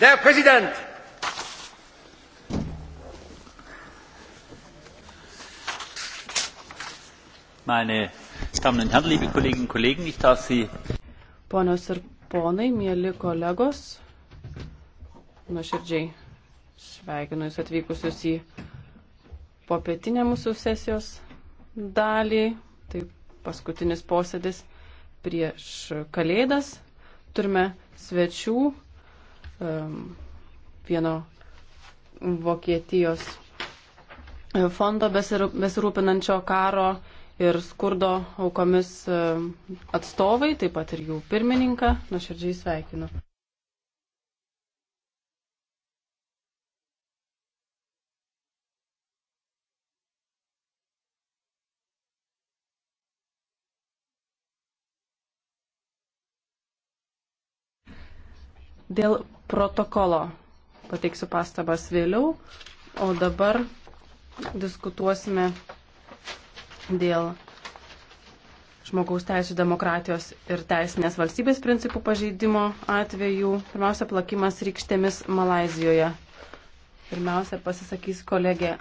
Der Präsident! Meine Damen und Herren, liebe Kolleginnen und Kollegen, ich darf Sie. Ponios ir ponai, mėly kolegos, nuoširdžiai sveikinu Jūs atvykusius į popietinę mūsų sesijos dalį. Tai paskutinis posėdis prieš kalėdas. Turime svečių Um, vieno Vokietijos e, fondo besirūpinančio karo ir skurdo aukomis e, atstovai, taip pat ir jų pirmininką, nuoširdžiai sveikinu. Dėl protokolo pateiksiu pastabas vėliau, o dabar diskutuosime dėl žmogaus teisų demokratijos ir teisinės valstybės principų pažeidimo atvejų. Pirmiausia, plakimas rykštėmis Malazijoje. Pirmiausia, pasisakys kolegė.